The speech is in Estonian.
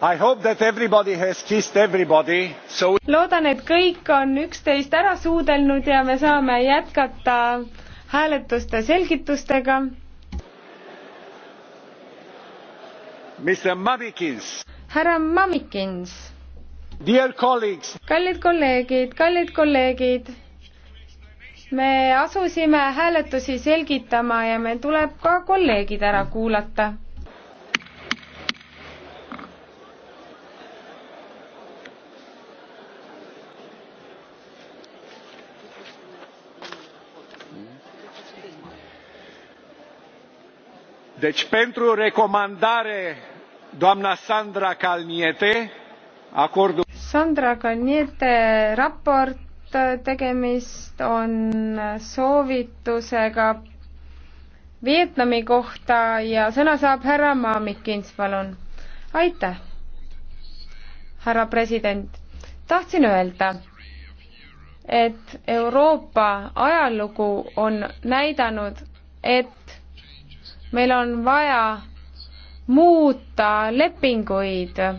So... loodan, et kõik on üksteist ära suudelnud ja me saame jätkata hääletuste selgitustega. härra Mamikins. kallid kolleegid, kallid kolleegid me asusime hääletusi selgitama ja meil tuleb ka kolleegid ära kuulata. deci pentru recomandare doamna Sandra Calniete acordul Sandra Calniete raport tegemist on soovitusega Vietnami kohta ja sõna saab härra Maamikins, palun. aitäh, härra president. tahtsin öelda, et Euroopa ajalugu on näidanud, et meil on vaja muuta lepinguid, äh,